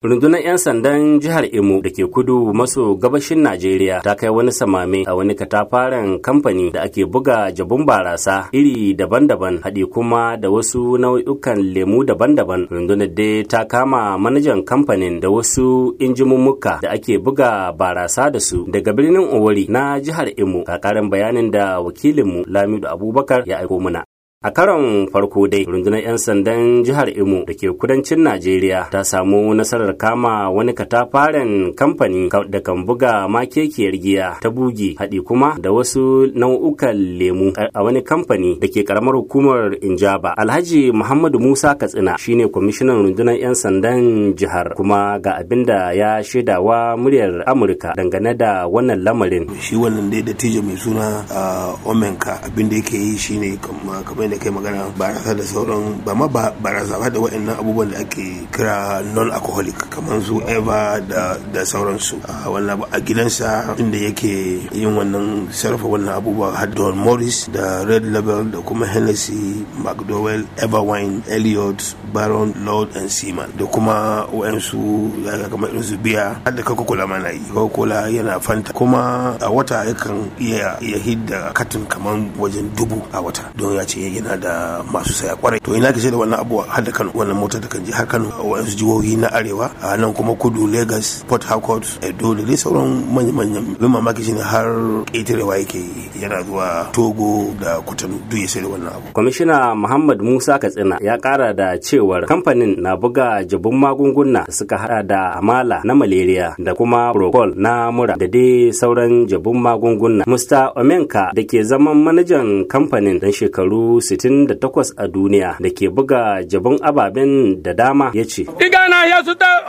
Rundunar 'yan sandan jihar Imo da ke kudu maso gabashin Najeriya ta kai wani samame a wani katafaren kamfani da ake buga jabun barasa iri daban-daban haɗi kuma da wasu nau'ukan lemu daban-daban. Rundunar dai ta kama manajan kamfanin da wasu injimummuka da ake buga barasa da su daga birnin Owari na jihar Imo. Kakarin bayanin da wakilinmu Lamidu Abubakar ya aiko mana. A karon farko dai rundunar 'yan sandan jihar Imo da ke kudancin Najeriya ta samu nasarar kama wani katafaren kamfani da kan buga makekiyar giya ta bugi haɗi kuma da wasu nau'ukan lemu a wani kamfani da ke karamar hukumar Injaba. Alhaji Muhammadu Musa Katsina shine kwamishinan rundunar 'yan sandan jihar kuma ga abin da ya shaidawa muryar Amurka dangane da wannan lamarin. Shi wannan dai da mai suna ah, Omenka abin da yake yi shine kamar da kai magana barasa da sauran ba ma barasa ba da waɗannan abubuwan da ake kira non-alcoholic kamar su eva da, da sauransu a wannan a gidansa inda yake yin wannan sarrafa wannan abubuwa har don morris da red label da kuma hennessy mcdowell everwine elliot baron lord and seaman da kuma wa'ansu ya kamar irin su biya har da coca kula mana yi coca kula yana fanta kuma a wata yakan iya hidda katin kamar wajen dubu a wata don ya ce yana da masu saya kwarai to ina kace da wannan abuwa har da Kano wannan mota da kan je har Kano a wasu jihohi na arewa a nan kuma kudu Lagos Port Harcourt Edo da dai sauran manyan manyan bin mamaki ne har ƙetarewa yake yana zuwa Togo da Kutanu duk ya sai da wannan abu kwamishina Muhammad Musa Katsina ya kara da cewar kamfanin na buga jabun magunguna da suka hada da amala na malaria da kuma procol na mura da dai sauran jabun magunguna Mr. Omenka da ke zaman manajan kamfanin dan shekaru 68 a duniya da ke buga jabin ababen da dama ya ce. Iga na ya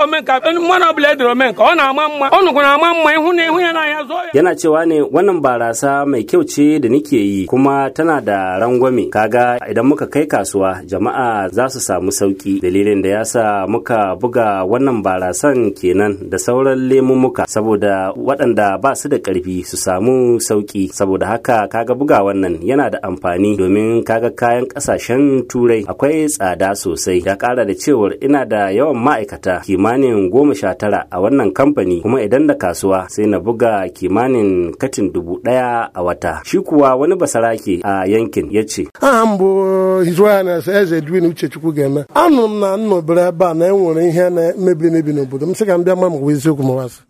omenka mana blade omenka ona kuna mamma, hune ya zo. Yana cewa ne wannan barasa mai kyau ce da nike yi kuma tana da rangwame kaga idan muka kai kasuwa jama'a za su samu sauki dalilin da ya sa muka buga wannan barasan kenan da sauran lemumuka saboda waɗanda ba su da ƙarfi su samu sauki saboda haka kaga buga wannan yana da amfani domin kaga kayan kasashen turai akwai tsada sosai ya kara da cewar ina da yawan ma'aikata kimanin goma sha tara a wannan kamfani kuma idan da kasuwa sai na buga kimanin katin dubu daya a wata shi kuwa wani basarake a yankin ya ce ah, na na enwere ihe na n'obodo m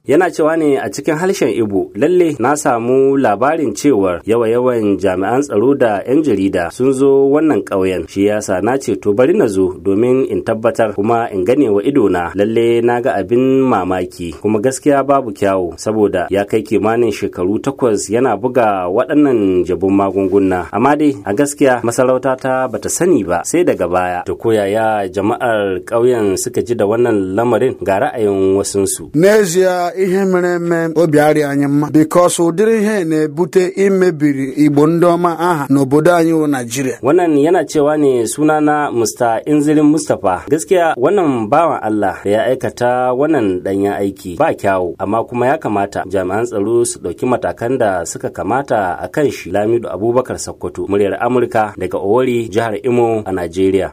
yana cewa ne a cikin harshen ibo lalle na samu labarin cewar yawa-yawan jami'an tsaro da 'yan jarida sun zo wannan ƙauyen shi yasa na ce to bari na zo domin in tabbatar kuma in gane wa ido na lalle na ga abin mamaki kuma gaskiya babu kyawu saboda ya kai kimanin shekaru takwas yana buga waɗannan jabun magunguna amma dai a gaskiya masarauta ta bata sani ba sai daga baya to koyaya jama'ar ƙauyen suka ji da wannan lamarin ga ra'ayin wasunsu n'ezie ihe mere eme obi arịa anyị mma bikos ụdịrị ihe na-ebute imebiri igbo ndị ọma aha n'obodo anyị wụ naijiria wannan yana cewa ne sunana Mr. Inzirin Mustapha gaskiya wannan bawan Allah da ya aikata wannan ɗanyen aiki ba kyawu amma kuma ya kamata jami'an tsaro su ɗauki matakan da suka kamata a kan shi Lamido Abubakar Sokoto muryar Amurka daga Owori jihar Imo a Najeriya.